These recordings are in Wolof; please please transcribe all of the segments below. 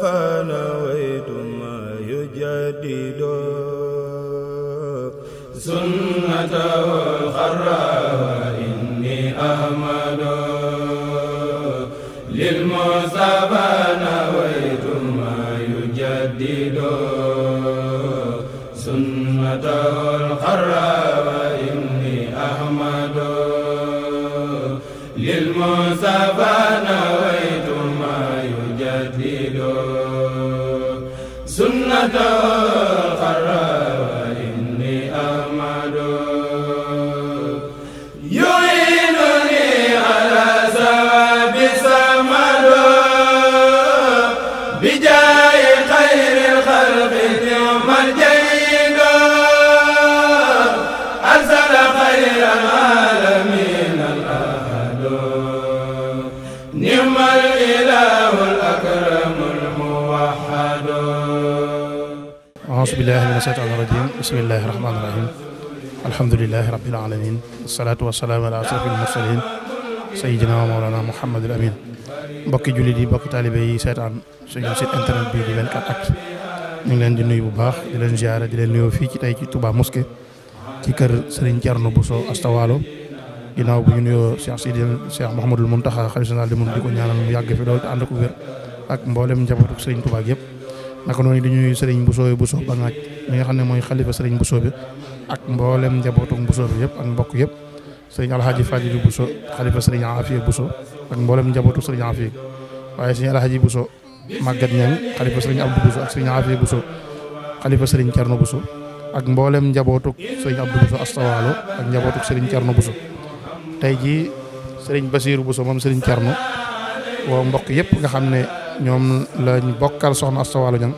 فنويت ما يجدد سنته الخرى وإني أحمد للمصطفى نويت ما يجدد سنته الخرى وإني أحمد للمصطفى auzu billaahi mina sheytaani rajiim bismillaahi rahmaani rahiim alhamdulillaahi rabbil aalamiin wassalaatu wassalaamu alaa ashrafil mursaliin sayyidinaa wa mawlaanaa Muhammadil amiin mbokki jullit yi mbokki taalibe yi seetaan suñu internet bi di 24actu ñu ngi leen di nuy bu baax di leen ziyaara di leen nuyoo fii ci tey ci Touba Mosquée ci kër Serigne Thierno Bousso Asta Walo ginnaaw bu ñu nuyoo Cheikh Sidi Cheikh Mouhamadul Mountakha xalifa général des mourides di ko ñaanal mu yàgg fi lool te naka noonu di ñuy sëriñ Mbusoobe Buso ba nga xam ne mooy xalifa sëriñ Buso bi ak mboolem njabootu Buso bi yëpp ak mbokk yëpp sëriñ Alxaaji Fadilu Buso xalifa sëriñ Afiya Buso ak mboolem njabootu sëriñ Afiya waaye sëriñ Alxaaji Buso Màggat Ñaŋ xalifa sëriñ Abdu Buso ak sëriñ Afiya Buso xalifa sëriñ Cerno Buso ak mboolem njabootuk sëriñ Abdu Buso Astawaalo ak njabootuk sëriñ Cerno Buso tey jii sëriñ Basiiru Buso moom sëriñ Cerno woo mbokk yëpp nga xam ne ñoom lañ bokkal soxna Asta Walo Dieng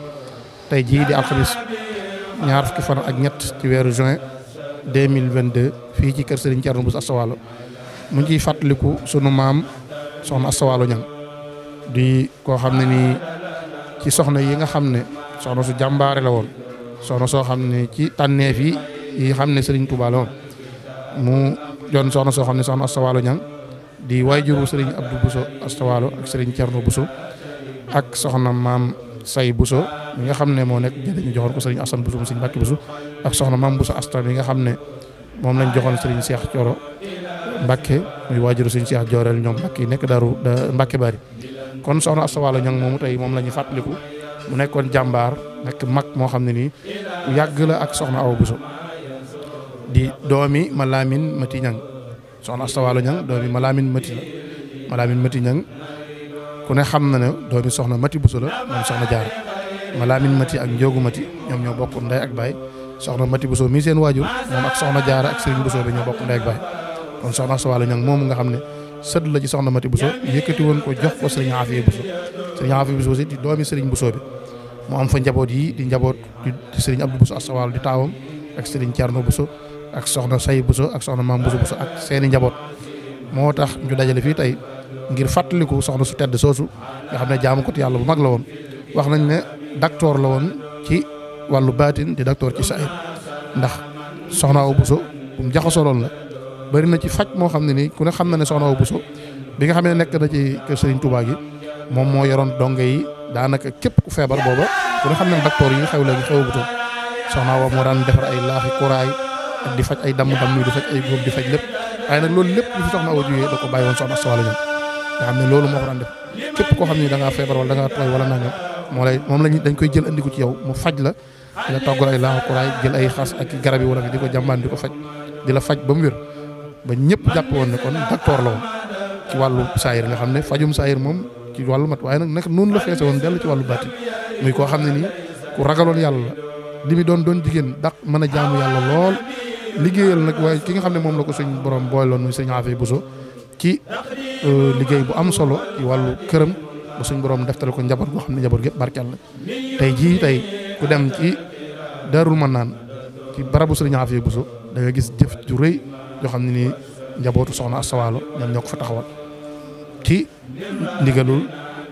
tey jii di alxamis ñaar fukki fan ak ñett ci weeru juin 2022 fii ci kër Serigne Thierno Bousso Asta Walo mu ciy fàttaliku sunu maam soxna Asta di koo xam ne nii ci soxna yi nga xam ne soxna su jàmbaare la woon soxna soo xam ne ci tànneef yi xam ne sëriñ Touba woon mu doon soxna soo xam ne soxna Asta Walo Dieng di waajuru Serigne sëriñ Bousso Asta Walo ak Serigne Thierno Bousso ak soxna maam say Bousso mi nga xam ne moo nekk jëriñ joxoon ko sëriñ Assane Bousso mu sëriñ Mbacke Bousso ak soxna maam Bousso Asta mi nga xam ne moom lañ joxoon sëriñ Cheikh Thioro Mbacke muy waajuru sëriñ Cheikh Jooreel ñoom Mbacke yi nekk daaru Mbacke bari kon soxna Asta Walo ñang moomu tey moom la ñu fàttaliku mu nekkoon jàmbaar nekk mag moo xam ne nii yàgg la ak soxna aw Bousso di doomi Malamine Mati Ñang soxna Asta Walo ñang doomi Malamine Mati la Malamine Mati Ñang ku ne xam na ne doomi soxna mati Bousso la moom soxna jaar Malamine mati ak Njóogu mati ñoom ñoo bokk ndey ak baay soxna mati Bousso mii seen waajur moom ak soxna jaara ak Serigne Bousso bi ñoo bokk ndey ak baay kon soxna Sowala ñang moom nga xam ne sët la ci soxna mati Bousso yëkkati woon ko jox ko Serigne Afia Bousso Serigne Afia Bousso aussi di doomi Serigne Bousso bi mu am fa njaboot yi di njaboot di Serigne Abdou Bousso di taawam ak Serigne Thierno Bousso ak soxna Say Bousso ak soxna Maam Bousso Bousso ak seeni njaboot moo tax ñu fii tey ngir fàttaliku soxna su tedd soosu nga xam ne jaamukut yàlla bu mag la woon wax nañ ne docteur la woon ci wàllu baatin di docteur ci saahir ndax soxna Awa Bousso bu mu bari na ci faj moo xam ne nii ku ne xam na ne soxna Awa bi nga xam ne nekk na ci kër Serigne Touba gi moom moo yoroon donge yi daanaka képp ku feebar booba ku ne xam ne docteur yi xew léegi xew buto soxna Awa moo daan defar ay laaxi kuraay di faj ay damm damm yi di faj ay góob di faj lépp waaye nag loolu lépp li fi soxna Awa jugee da ko bàyyi nga xam ne loolu moo ko daan def képp koo xam ne da ngaa feebar wala da ngaa tooy wala nangam moo lay moom dañ koy jël andi ko ci yow mu faj la di la toggal ay laakuraay jël ay xas ak garab yi wala di ko jàmbaan di ko faj di la faj ba mu wér ba ñëpp jàpp woon ne kon docteur la woon ci wàllu saayir nga xam ne fajum saayir moom ci wàllu mat waaye nag nag noonu la feese woon dellu ci wàllu bàtti muy koo xam ne nii ku ragaloon yàlla la li mu doon doon jigéen daq mën a jaamu yàlla lool liggéeyal nag waaye ki nga xam ne moom la ko suñ borom booy loon muy sëñ Afee Buso ci Euh, liggéey bu am solo ci wàllu këram ba suñ borom deftal ko njaboot goo xam ne njaboot gépp barkeel la tey jii tey ku dem ci Daarul Manaan ci a Sëriñ Afia Bousso da nga gis jëf ju yoo xam ne nii njabootu soxna Astawaalo ñoom ñoo ko fa taxawal ci ndigalul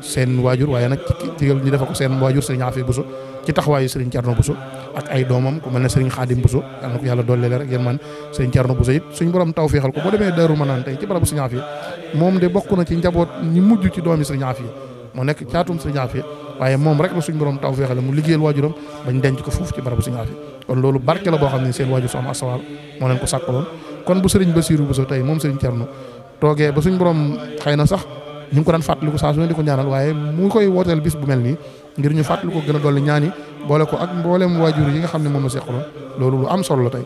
seen waajur waaye nag ci digal ñu defal ko a waajur sëriñ Afia Bousso ci taxawaayu sëriñ Thierno Bousso ak ay doomam ku mel ne sëriñ Khadim Bousso yàlla na ko yàlla doole leer ak man sëriñ Thierno Bousso it suñ la suñ borom taw féexale mu liggéeyal waajuram bañ denc ko foofu ci barabu sëriñ Afia kon loolu barke la boo xam ne seen waajur so am asawal moo leen ko kon bu sëriñ Bassirou Bousso tey moom sëriñ Thierno toogee ba suñ borom xëy na sax ñu ngi ko daan fàttaliku saa su ne di ko ñaanal waaye mu koy wooteel bis bu mel nii ngir ñu fàttaliku gën a dolli ñaani boole ko ak mbooleem waajur yi nga xam ne moom la seqaloon loolu lu solo la tey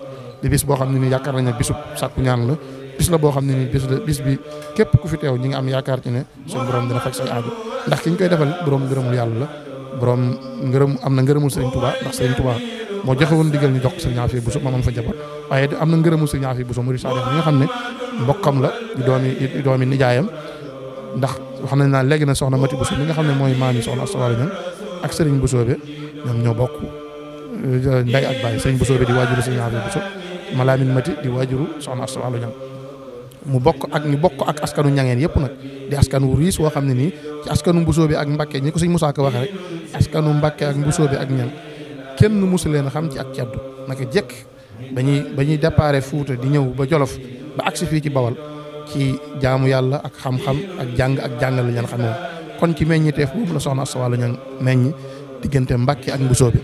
xam ne ni yaakaar nañ ne bisu sàkku ñaan la bis la boo xam ne ni bis ku fi teew am yaakaar ci ne suñu borom dina faj say aaju ndax la borom ngërëm na ngërëmul Serigne Touba ndax moo joxe woon digal ñu jox ko Serigne Afia Bousso maam fa jabar waaye am na ngërëmul Serigne Afia mbokkam la di doomi nijaayam ndax wax nañ naa léegi na soxna Mati Bousso mi nga xam ne mooy maam yi soxna Asta Walo ñoom ak Serigne Bousso bi ñoom ñoo bokk euh, ndey ak baay Serigne Bousso bi di waajuru Serigne Afia Bousso Malamine Mati di waajuru soxna Asta Walo ñoom mu bokk ak ñu bokk ak askanu ñangeen yëpp nag di askanu riis woo xam ne nii ci askanu Bousso bi ak Mbacké ñi ko Serigne Moussa ko waxee rek askanu Mbacké ak Bousso bi ak ñang kenn mosu leen a xam ci ak caddu naka jekk bañuy ba ñuy déparé Fuuta di ñëw ba Jolof ba agsi fii ci Bawal ci jaamu yàlla ak xam-xam ak jàng ak jàngale ñan xamoon kon ci meññiteef boobu la soxna Asta Walo ñan meññ diggante Mbàkke ak Mbusoo bi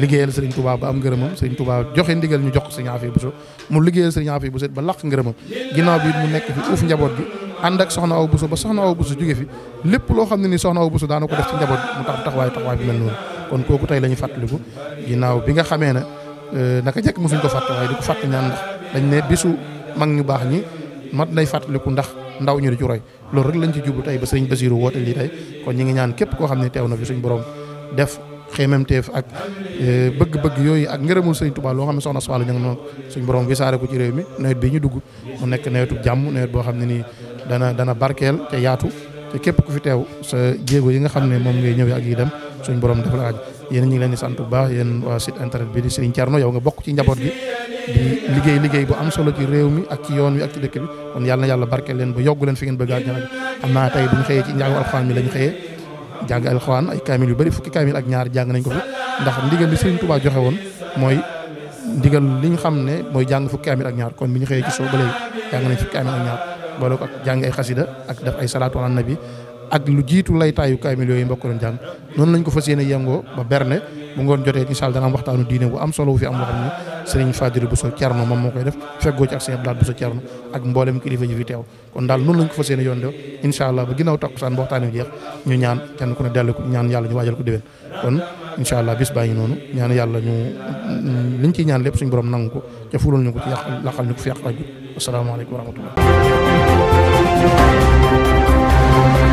liggéeyal sëriñ Touba ba am ngërëmam sëriñ Touba joxe ndigal ñu jox ko sëriñ Afia Bousso mu liggéeyal sëriñ Afia Bousso ba laq ngërëmam ginnaaw bi mu nekk fi uuf njaboot bi ànd ak soxna Awa Bousso ba soxna aw Bousso jóge fi lépp loo xam ne ni soxna Awa Bousso daana ko def ci njaboot bi mu tax taxawaay taxawaay bi mel noonu kon kooku tey la ñu fàttaliku ginnaaw bi nga xamee ne euh, naka jekk mosuñ ko fàtte waaye di ko fàtte ñaan ndax dañ ne bisu mag ñu baax ñi mat nay fàttaliku ndax ndaw ñu di ci roy loolu rek lañ ci jublu tey ba sëriñ Basiru woote lii tey kon ñi ngi ñaan képp koo xam ne teew na fi suñ borom def xeememteef ak euh, bëgg-bëgg yooyu ak ngërëmul sëriñ Tuubaa loo xam ne soxna Soxla ñu ngi noonu suñ borom wisaare ko ci réew mi nawet bi ñu dugg mu nekk nawetu jàmm nawet boo xam ne nii dana dana barkeel te yaatu te képp ku fi teew sa jéego yi nga xam ne moom ngay ñëwee ak yi dem suñ borom defal aaj yéen ñu ngi leen di sant bu baax yéen waa internet bi di Serigne Thierno yow nga bokk ci njaboot gi liggéey liggéey bu am solo ci réew mi ak ci yoon wi ak ci dëkk bi kon yàlla na yàlla barkeel leen ba yoggu leen fi ngeen bëgg a jàng xam naa tey bu ñu xëyee ci njàngu alxuraan mi lañ xëyee jàng alxuraan ay kaamil yu bëri fukki kaamil ak ñaar jàng nañ ko fi ndax ndigal li Serigne joxe woon mooy ndigal li ñu xam ne mooy jàng fukki kaamil ak ñaar kon bi ñu xëyee ci suba ba léegi jàng nañ fukki kaamil ak ñaar boole ko ak ak def ay salaatu ala nabi ak lu jiitu laytaayu kaamil yooyu mbokk doon jàng noonu lañ ko fas yéene yëngoo ba berne bu ngoon jotee incha allah dana am waxtaanu diine bu am solo wu fi am loo xam ne sëriñ Fadilou Bousso Thierno moom moo koy def feggoo ci ak sëriñ Abdoulaye Bousso Thierno ak mboolem kilifa yi fi teew kon daal noonu lañ ko fas yoon dew incha allah ba ginnaaw takkusaan ba waxtaan jeex ñu ñaan kenn ku ne dellu ko ñaan yàlla ñu waajal ko déwén kon incha allah bis baa ngi noonu ñaan yàlla ñu liñ ciy ñaan lépp suñ borom nangu ko ko ci yàqal laqal ñu ko fi yàq raju asalaamaaleykum